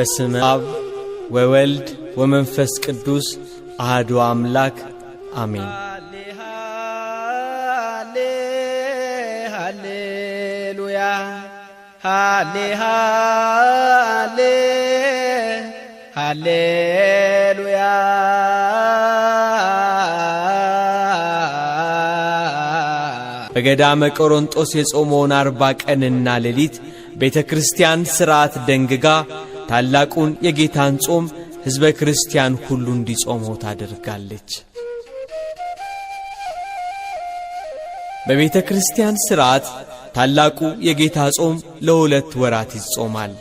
በስመ አብ ወወልድ ወመንፈስ ቅዱስ አህዱ አምላክ አሜን። ሃሌሉያ በገዳመ ቆሮንጦስ የጾመውን አርባ ቀንና ሌሊት ቤተ ክርስቲያን ሥርዓት ደንግጋ ታላቁን የጌታን ጾም ሕዝበ ክርስቲያን ሁሉ እንዲጾመው ታደርጋለች። በቤተ ክርስቲያን ሥርዓት ታላቁ የጌታ ጾም ለሁለት ወራት ይጾማል።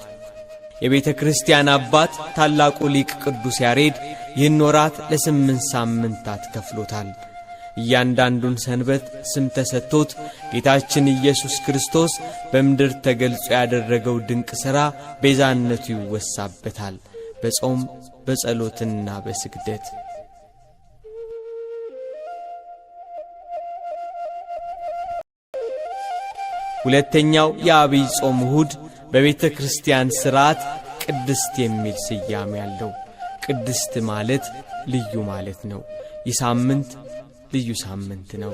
የቤተ ክርስቲያን አባት ታላቁ ሊቅ ቅዱስ ያሬድ ይህን ወራት ለስምንት ሳምንታት ከፍሎታል። እያንዳንዱን ሰንበት ስም ተሰጥቶት ጌታችን ኢየሱስ ክርስቶስ በምድር ተገልጾ ያደረገው ድንቅ ሥራ ቤዛነቱ ይወሳበታል በጾም በጸሎትና በስግደት። ሁለተኛው የአብይ ጾም እሁድ በቤተ ክርስቲያን ሥርዓት ቅድስት የሚል ስያሜ ያለው ቅድስት ማለት ልዩ ማለት ነው። ይህ ሳምንት ልዩ ሳምንት ነው።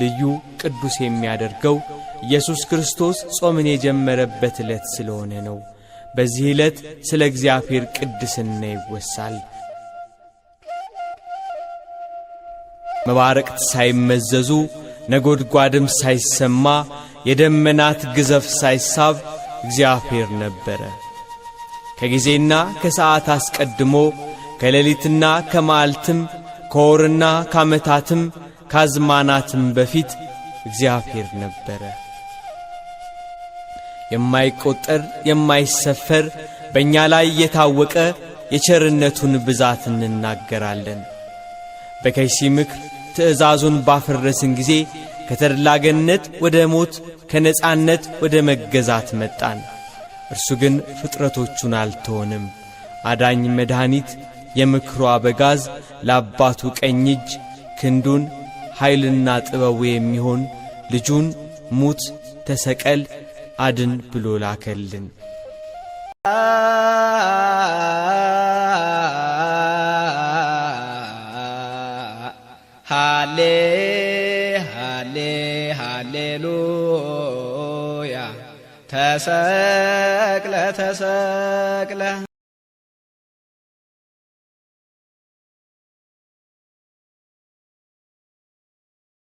ልዩ ቅዱስ የሚያደርገው ኢየሱስ ክርስቶስ ጾምን የጀመረበት ዕለት ስለሆነ ነው። በዚህ ዕለት ስለ እግዚአብሔር ቅድስና ይወሳል። መባረቅት ሳይመዘዙ ነጎድጓድም ሳይሰማ የደመናት ግዘፍ ሳይሳብ እግዚአብሔር ነበረ። ከጊዜና ከሰዓት አስቀድሞ ከሌሊትና ከመዓልትም ከወርና ካመታትም ካዝማናትም በፊት እግዚአብሔር ነበረ። የማይቆጠር የማይሰፈር በእኛ ላይ የታወቀ የቸርነቱን ብዛት እንናገራለን። በከይሲ ምክር ትእዛዙን ባፈረስን ጊዜ ከተላገነት ወደ ሞት ከነጻነት ወደ መገዛት መጣን። እርሱ ግን ፍጥረቶቹን አልተወንም። አዳኝ መድኃኒት የምክሩ አበጋዝ ለአባቱ ቀኝ እጅ ክንዱን ኃይልና ጥበቡ የሚሆን ልጁን ሙት ተሰቀል አድን ብሎ ላከልን። ሃሌ ሃሌ ሃሌሉያ ተሰቅለ ተሰቅለ